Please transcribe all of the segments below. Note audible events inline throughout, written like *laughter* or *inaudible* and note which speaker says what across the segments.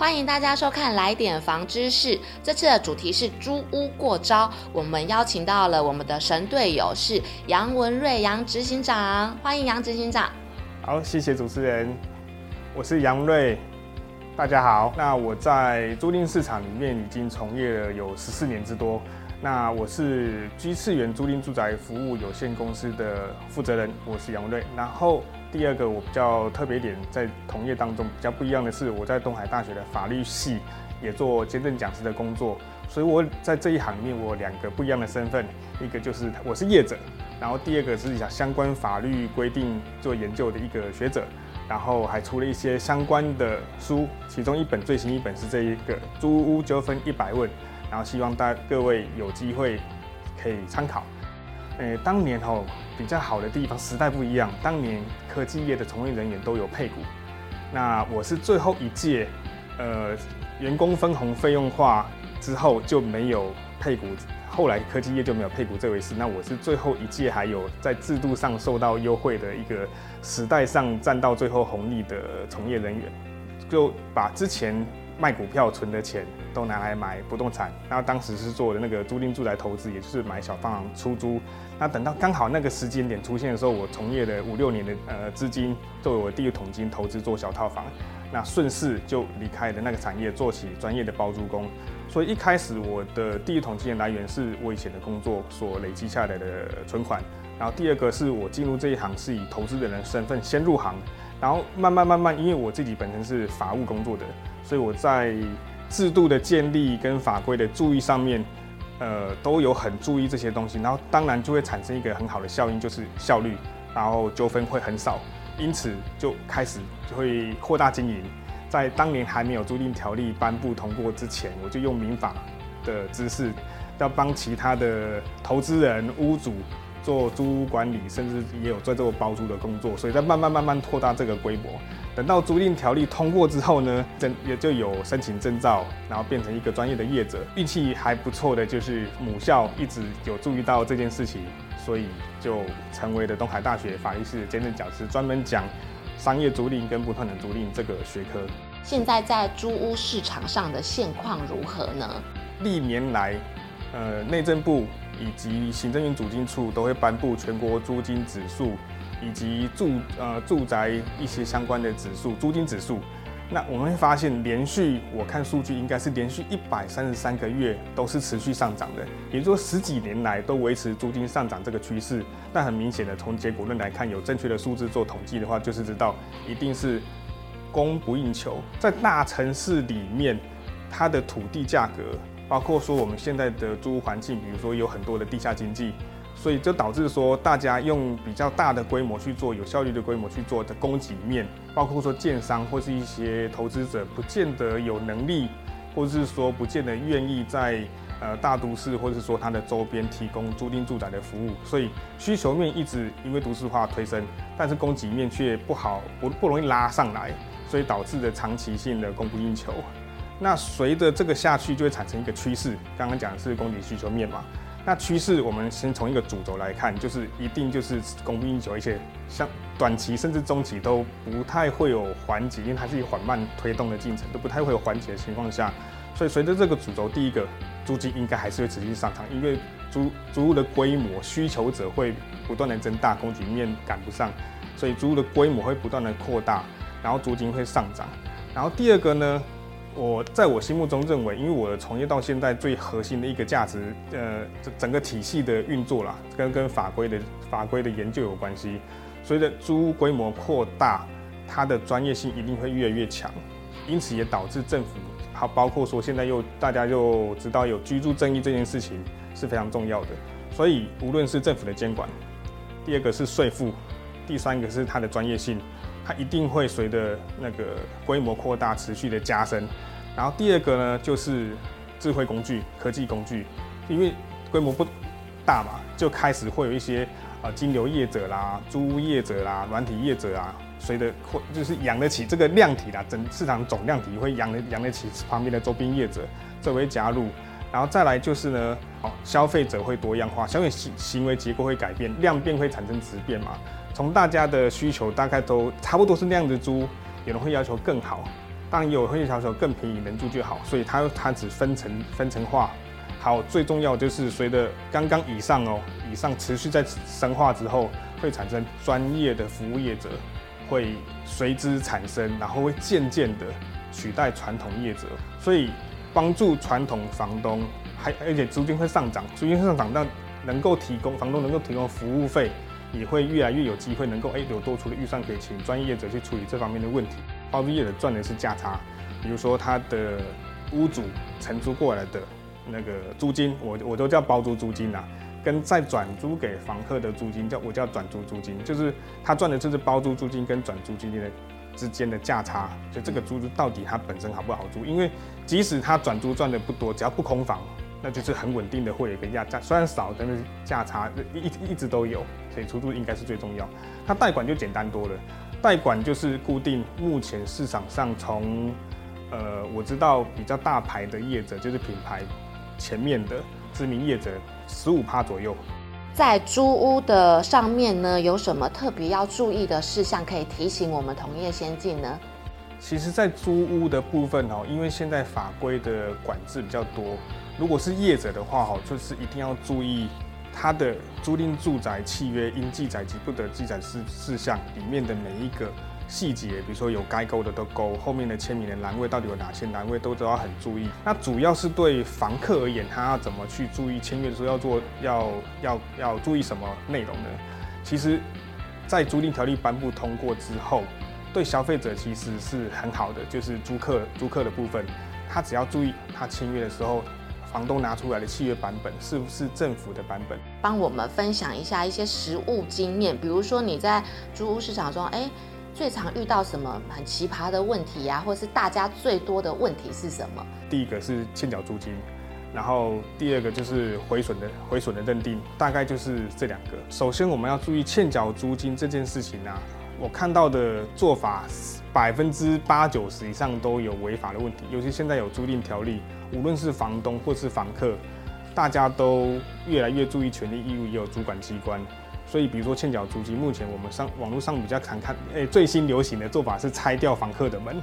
Speaker 1: 歡迎大家收看《來點房知識》，這次的主題是租屋過招。我們邀請到了我們的神隊友是楊文瑞，楊執行長，歡迎楊執行長。
Speaker 2: 好，謝謝主持人，我是楊瑞，大家好。那我在租賃市場裡面已經從業了有十四年之多。那我是居次元租賃住宅服務有限公司的負責人，我是楊文瑞。然後第二個我比較特別點，在同業當中比較不一樣的是，我在東海大學的法律系也做兼任講師的工作。所以我在這一行裡面，我有兩個不一樣的身份，一個就是我是業者，然後第二個是以下相關法律規定做研究的一個學者，然後還出了一些相關的書，其中一本最新一本是這一個《租屋糾紛一百問》。然後希望大家各位有機會可以參考。呃，當年哦比較好的地方，時代不一樣。當年科技業的從業人員都有配股，那我是最後一屆，呃，員工分紅費用化之後就沒有配股，後來科技業就沒有配股這回事。那我是最後一屆還有在制度上受到優惠的一個時代上占到最後紅利的從業人員，就把之前。賣股票存的錢都拿來買不動產，然後當時是做的那個租賃住宅投資，也就是買小套房出租。那等到剛好那個時間點出現的時候，我從業了五六年的呃資金作為我的第一桶金投資做小套房，那順勢就離開了那個產業，做起專業的包租公。所以一開始我的第一桶金的來源是我以前的工作所累積下來的存款，然後第二個是我進入這一行是以投資的人身份先入行，然後慢慢慢慢，因為我自己本身是法務工作的。所以我在制度的建立跟法規的注意上面，呃，都有很注意這些東西，然後當然就會產生一個很好的效應，就是效率，然後糾紛會很少，因此就開始就會擴大經營。在當年還沒有租賃條例頒布通過之前，我就用民法的知識，要幫其他的投資人、屋主。做租屋管理，甚至也有在做包租的工作，所以在慢慢慢慢擴大這個規模。等到租賃條例通過之後呢，證也就有申請證照，然後變成一個專業的業者。運氣還不錯的，就是母校一直有注意到這件事情，所以就成為了東海大學法律系兼任講師，專門講商業租賃跟不動產租賃這個學科。
Speaker 1: 現在在租屋市場上的現況如何呢？
Speaker 2: 歷年來，呃，內政部。以及行政院主計處都會頒布全國租金指數，以及住呃住宅一些相關的指數，租金指數。那我們會發現，連續我看數據應該是連續一百三十三個月都是持續上漲的，也就是說十幾年來都維持租金上漲這個趨勢。那很明顯的，從結果論來看，有正確的數字做統計的話，就是知道一定是供不應求，在大城市裡面，它的土地價格。包括說我們現在的租屋環境，比如說有很多的地下經濟，所以就導致說大家用比較大的規模去做，有效率的規模去做的供給面，包括說建商或是一些投資者不見得有能力，或者是說不見得願意在呃大都市或者是說它的周邊提供租賃住宅的服務，所以需求面一直因為都市化推升，但是供給面卻不好，不，不容易拉上來，所以導致的長期性的供不應求。那隨着這個下去，就會產生一個趨勢。剛剛講的是供給需求面嘛。那趨勢我們先從一個主軸來看，就是一定就是供不應求，而且像短期甚至中期都不太會有緩解，因為它是以緩慢推動的進程，都不太會有緩解的情況下。所以隨着這個主軸，第一個租金應該還是會持續上漲，因為租租屋的規模需求者會不斷的增大，供給面趕不上，所以租屋的規模會不斷的擴大，然後租金會上漲。然後第二個呢？我在我心目中認為，因為我從業到現在最核心的一個價值，呃，整個體系的運作啦，跟跟法規的法規的研究有關係。隨着租屋規模擴大，它的專業性一定會越來越強，因此也導致政府，還包括說現在又大家又知道有居住正義這件事情是非常重要的。所以無論是政府的監管，第二個是稅負，第三個是它的專業性，它一定會隨着那個規模擴大持續的加深。然後第二個呢，就是智慧工具、科技工具，因為規模不大嘛，就開始會有一些啊金流業者啦、租屋業者啦、軟體業者啊，隨着會就是養得起這個量體啦，整市場總量體會養得養得起旁邊的周邊業者，才會加入。然後再來就是呢，哦消費者會多樣化，消費行行為結構會改變，量變會產生質變嘛。從大家的需求大概都差不多是那樣子租，有人會要求更好。但也有很多時候更便宜能住就好，所以它它只分成分層化。好，最重要就是隨着剛剛以上哦，以上持續在深化之後，會產生專業的服務業者，會隨之產生，然後會漸漸的取代傳統業者，所以幫助傳統房東，還而且租金會上漲，租金會上漲，但能夠提供房東能夠提供服務費，也會越來越有機會能夠哎有多出的預算可以請專業者去處理這方面的問題。包租業的賺的是價差，比如說他的屋主承租過來的那個租金，我我都叫包租租金啦，跟再轉租給房客的租金叫我叫轉租租金，就是他賺的就是包租租金跟轉租租金的之間的價差。所以這個租住到底它本身好不好租？因為即使他轉租賺的不多，只要不空房，那就是很穩定的會有一個價差，雖然少，但是價差一一,一直都有。所以出租應該是最重要。他代管就簡單多了。代管就是固定，目前市場上從，呃，我知道比較大牌的業者就是品牌，前面的知名業者十五趴左右。
Speaker 1: 在租屋的上面呢，有什麼特別要注意的事項可以提醒我們同業先進呢？
Speaker 2: 其實，在租屋的部分哦，因為現在法規的管制比較多，如果是業者的話就是一定要注意。它的租賃住宅契約應記載及不得記載事事項裡面的每一個細節，比如說有該勾的都勾，後面的簽名的欄位到底有哪些欄位，都都要很注意。那主要是對房客而言，他要怎麼去注意簽約的時候要做要要要注意什麼內容呢？其實，在租賃條例頒布通過之後，對消費者其實是很好的，就是租客租客的部分，他只要注意他簽約的時候。房東拿出來的契約版本是不是政府的
Speaker 1: 版本？幫我們分享一下一些實務經驗，比如說你在租屋市場中，哎、欸，最常遇到什麼很奇葩的問題呀、啊，或是大家最多的問題是什麼？
Speaker 2: 第一個是欠繳租金，然後第二個就是毀損的毀損的認定，大概就是這兩個。首先我們要注意欠繳租金這件事情啊。我看到的做法，百分之八九十以上都有違法的問題，尤其現在有租賃條例，無論是房東或是房客，大家都越來越注意權利義務，也有主管機關。所以，比如說欠繳租金，目前我們上網路上比較常看，誒、欸，最新流行的做法是拆掉房客的門，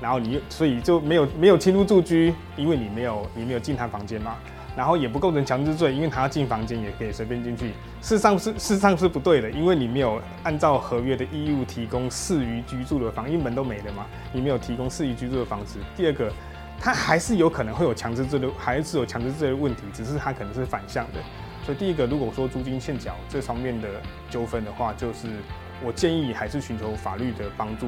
Speaker 2: 然後你所以就沒有沒有侵入住居，因為你沒有你沒有進他房間嘛。然後也不構成強制罪，因為他要進房間也可以隨便進去，事實上是事實上是不對的，因為你沒有按照合約的義務提供適宜居住的房，因為門都沒了嘛，你沒有提供適宜居住的房子。第二個，他還是有可能會有強制罪的，還是有強制罪的問題，只是他可能是反向的。所以第一個，如果說租金欠繳這方面的糾紛的話，就是我建議還是尋求法律的幫助。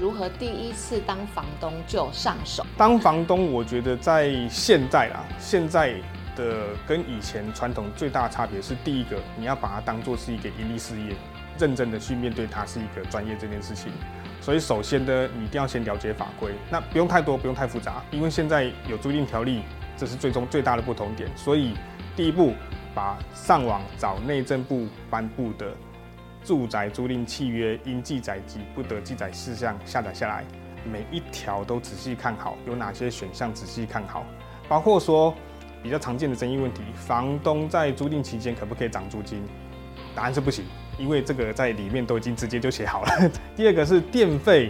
Speaker 1: 如何第一次當房東就上手？
Speaker 2: 當房東，我覺得在現在啦，現在。的跟以前傳統最大的差別是，第一個，你要把它當做是一個盈利事業，認真的去面對它是一個專業這件事情。所以首先呢，你一定要先了解法規，那不用太多，不用太複雜，因為現在有租賃條例，這是最終最大的不同點。所以第一步，把上網找內政部頒布的住宅租賃契約應記載及不得記載事項下載下來，每一條都仔細看好，有哪些選項仔細看好，包括說。比較常見的爭議問題，房東在租賃期間可不可以漲租金？答案是不行，因為這個在裡面都已經直接就寫好了。 *laughs* 第二個是電費，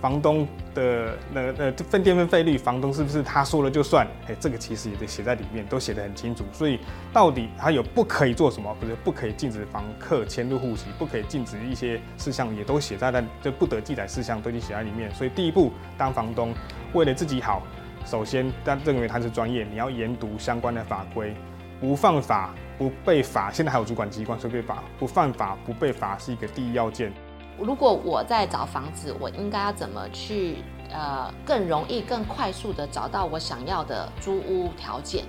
Speaker 2: 房東的那那分電費費率，房東是不是他說了就算？誒、欸，這個其實也得寫在裡面，都寫得很清楚。所以到底他有不可以做什麼，不是不可以禁止房客遷入戶籍，不可以禁止一些事項，也都寫在了就不得記載事項都已經寫在裡面。所以第一步，當房東為了自己好。首先，他認為他是專業，你要研讀相關的法規，不犯法不被罰。現在還有主管機關說背法，不犯法不被罰是一個第一要件。
Speaker 1: 如果我在找房子，我應該要怎麼去呃更容易、更快速的找到我想要的租屋條件？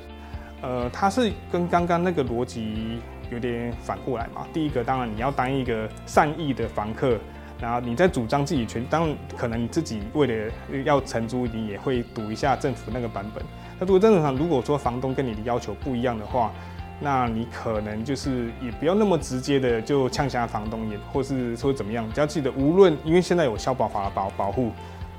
Speaker 2: 呃，它是跟剛剛那個邏輯有點反過來嘛。第一個，當然你要當一個善意的房客。然後你在主張自己權，當然可能你自己為了要承租，你也會賭一下政府那個版本。那如果正常，如果說房東跟你的要求不一樣的話，那你可能就是也不要那麼直接的就嗆下房東也，也或是說怎麼樣。你只要記得，無論因為現在有消保法的保保護，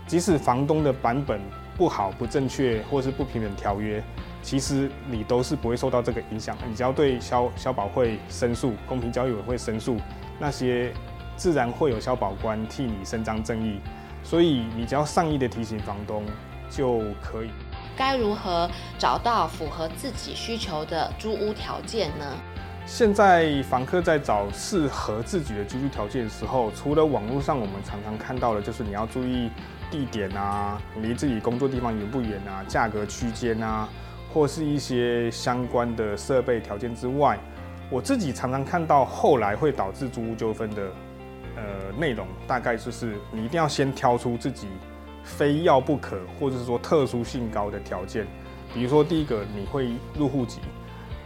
Speaker 2: 即使房東的版本不好、不正確或是不平等條約，其實你都是不會受到這個影響。你只要對消消保會申訴、公平交易委會申訴那些，自然會有消保官替你伸張正義，所以你只要善意的提醒房東就可以。
Speaker 1: 該如何找到符合自己需求的租屋條件呢？
Speaker 2: 現在房客在找適合自己的居住條件的時候，除了網絡上我們常常看到的，就是你要注意地點啊，離自己工作地方遠不遠啊，價格區間啊，或是一些相關的設備條件之外，我自己常常看到後來會導致租屋糾紛的。呃，內容大概就是你一定要先挑出自己非要不可，或者是說特殊性高的條件。比如說，第一個，你會入戶籍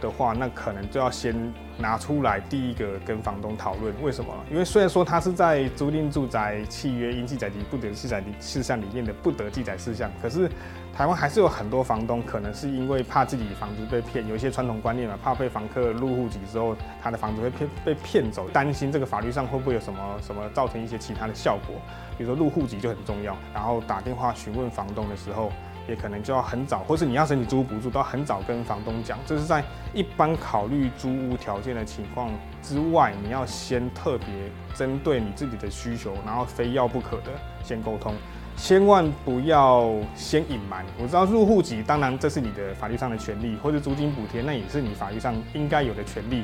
Speaker 2: 的話，那可能就要先拿出來第一個跟房東討論為什麼呢？因為雖然說他是在租賃住宅契約應記載及不得記載事項裡面的不得記載事項，可是台灣還是有很多房東可能是因為怕自己的房子被騙，有一些傳統觀念嘛，怕被房客入戶籍之後他的房子會被被騙走，擔心這個法律上會不會有什麼什麼造成一些其他的效果，比如說入戶籍就很重要。然後打電話詢問房東的時候。也可能就要很早，或是你要申請租屋補助，都要很早跟房東講。這是在一般考慮租屋條件的情況之外，你要先特別針對你自己的需求，然後非要不可的先溝通，千萬不要先隱瞞。我知道入戶籍，當然這是你的法律上的權利，或是租金補貼，那也是你法律上應該有的權利。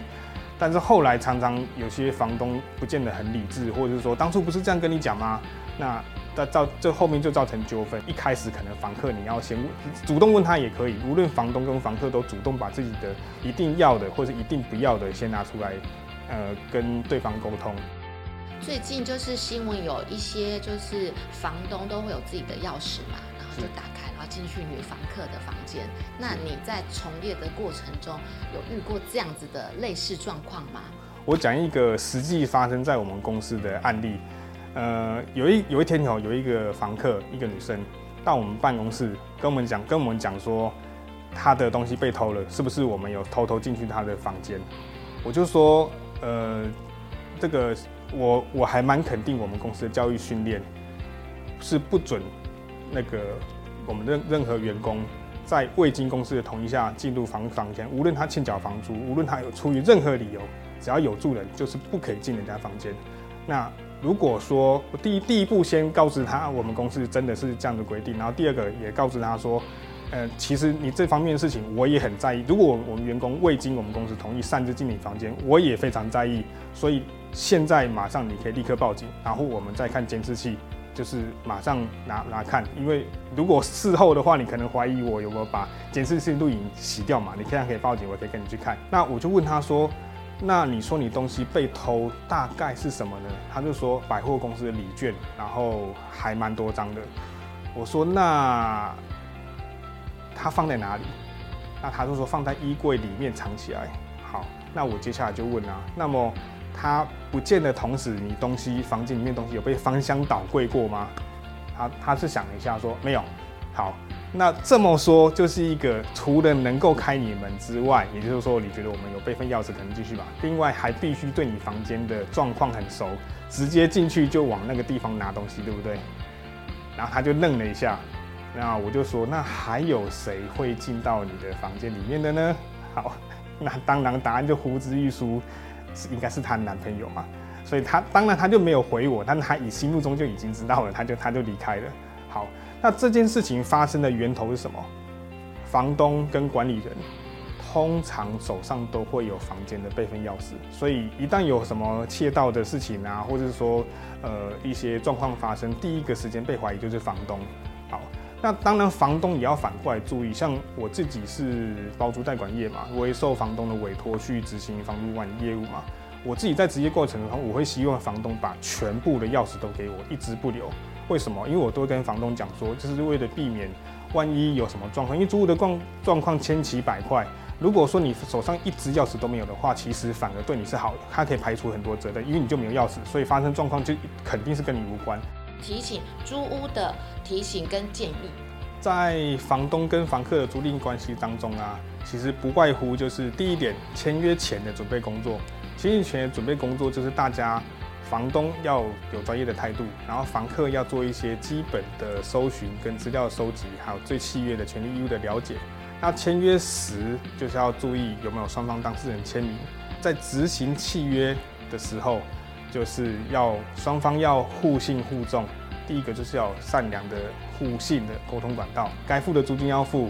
Speaker 2: 但是後來常常有些房東不見得很理智，或者是說當初不是這樣跟你講嗎？那。在造這後面就造成糾紛。一開始可能房客你要先問主動問他也可以，無論房東跟房客都主動把自己的一定要的或是一定不要的先拿出來，呃，跟對方溝通。
Speaker 1: 最近就是新聞有一些就是房東都會有自己的鑰匙嘛，然後就打開，然後進去女房客的房間。那你在從業的過程中有遇過這樣子的類似狀況嗎？
Speaker 2: 我講一個實際發生在我們公司的案例。呃，有一有一天哦，有一個房客，一個女生到我們辦公室跟我們講，跟我們講說，她的東西被偷了，是不是我們有偷偷進去她的房間？我就說，呃，這個我我還蠻肯定，我們公司的教育訓練是不准那個我們任任何員工在未經公司的同意下進入房房間，無論他欠繳房租，無論他有出於任何理由，只要有住人就是不可以進人家房間。那，如果說第一第一步先告訴他我們公司真的是這樣的規定，然後第二個也告訴他說，呃，其實你這方面的事情我也很在意。如果我們員工未經我們公司同意擅自進你房間，我也非常在意。所以現在馬上你可以立刻報警，然後我們再看監視器，就是馬上拿拿看。因為如果事後的話，你可能懷疑我有沒有把監視器錄影洗掉嘛？你現在可以報警，我可以跟你去看。那我就問他說。那你說你東西被偷大概是什麼呢？他就說百貨公司的禮券，然後還蠻多張的。我說那他放在哪裡？那他就說放在衣櫃裡面藏起來。好，那我接下來就問啊，那麼他不見的同時，你東西房間裡面東西有被翻箱倒櫃過嗎？他他是想了一下說沒有。好，那這麼說就是一個除了能夠開你門之外，也就是說你覺得我們有備份鑰匙，可能進去吧。另外還必須對你房間的狀況很熟，直接進去就往那個地方拿東西，對不對？然後他就愣了一下，那我就說，那還有誰會進到你的房間裡面的呢？好，那當然答案就呼之欲出，應該是她男朋友嘛。所以他當然他就沒有回我，但他以心目中就已經知道了，他就他就離開了。好。那這件事情發生的源頭是什麼？房東跟管理人通常手上都會有房間的備份鑰匙，所以一旦有什麼竊盜的事情啊，或者是說呃一些狀況發生，第一個時間被懷疑就是房東。好，那當然房東也要反過來注意。像我自己是包租代管業嘛，我也受房東的委託去執行房屋管理業務嘛。我自己在執業過程中，我會希望房東把全部的鑰匙都給我，一直不留。為什麼？因為我都會跟房東講說，就是為了避免萬一有什麼狀況，因為租屋的狀況千奇百怪。如果說你手上一隻鑰匙都沒有的話，其實反而對你是好的，它可以排除很多責任，因為你就沒有鑰匙，所以發生狀況就肯定是跟你無關。
Speaker 1: 提醒租屋的提醒跟建議，
Speaker 2: 在房東跟房客的租賃關係當中啊，其實不外乎就是第一點，簽約前的準備工作。簽約前的準備工作就是大家。房東要有專業的態度，然後房客要做一些基本的搜尋跟資料收集，還有對契約的權利義務的了解。那簽約時就是要注意有沒有雙方當事人簽名。在執行契約的時候，就是要雙方要互信互重。第一個就是要善良的互信的溝通管道，該付的租金要付，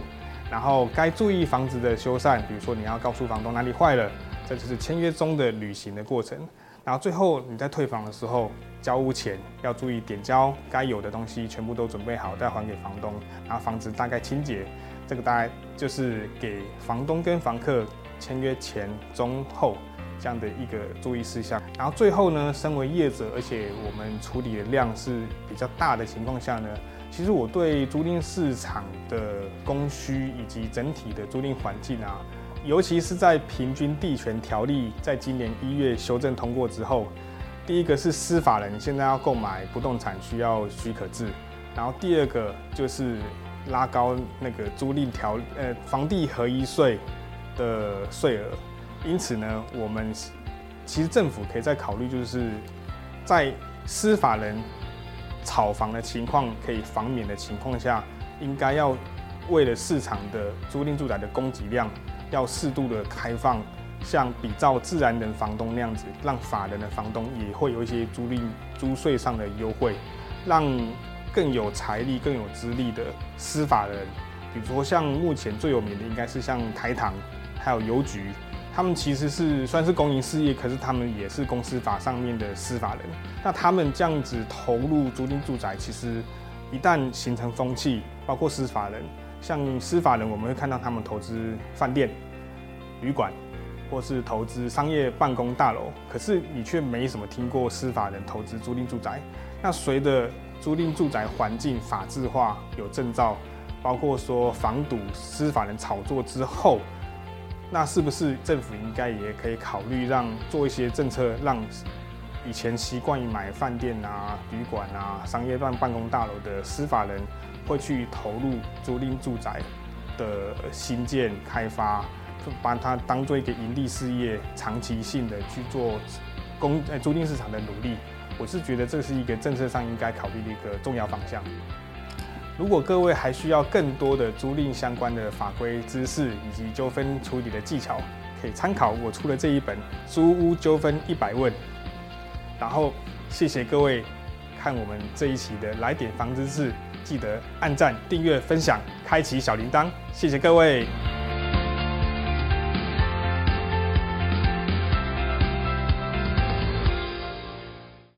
Speaker 2: 然後該注意房子的修繕，比如說你要告訴房東哪裡壞了，這就是簽約中的履行的過程。然後最後你在退房的時候，交屋前要注意點交，該有的東西全部都準備好再還給房東，然後房子大概清潔。這個大概就是給房東跟房客簽約前中後這樣的一個注意事項。然後最後呢，身為業者，而且我們處理的量是比較大的情況下呢，其實我對租賃市場的供需以及整體的租賃環境啊。尤其是在《平均地權條例》在今年一月修正通過之後，第一個是私法人現在要購買不動產需要許可制，然後第二個就是拉高那個租賃條呃房地合一稅的稅額。因此呢，我們其實政府可以再考慮，就是在私法人炒房的情況可以防免的情況下，應該要為了市場的租賃住宅的供給量。要適度的開放，像比照自然人房東那樣子，讓法人的房東也會有一些租賃、租稅上的優惠，讓更有財力、更有資歷的私法人，比如說像目前最有名的應該是像台糖，還有郵局，他們其實是算是公營事業，可是他們也是公司法上面的私法人。那他們這樣子投入租賃住宅，其實一旦形成風氣，包括私法人。像私法人，我們會看到他們投資飯店、旅館，或是投資商業辦公大樓。可是你卻沒什麼聽過私法人投資租賃住宅。那隨着租賃住宅環境法制化、有證照，包括說防堵，私法人炒作之後，那是不是政府應該也可以考慮讓做一些政策，讓以前習慣於買飯店啊、旅館啊、商業辦辦公大樓的私法人，會去投入租賃住宅的新建開發，把它當做一個盈利事業，長期性的去做公租賃市場的努力。我是覺得這是一個政策上應該考慮的一個重要方向。如果各位還需要更多的租賃相關的法規知識以及糾紛處理的技巧，可以參考我出的這一本《租屋糾紛一百問》。然後謝謝各位。看我們這一期的《來點房知識》，記得按讚、訂閱、分享、開啟小鈴鐺，謝謝各位。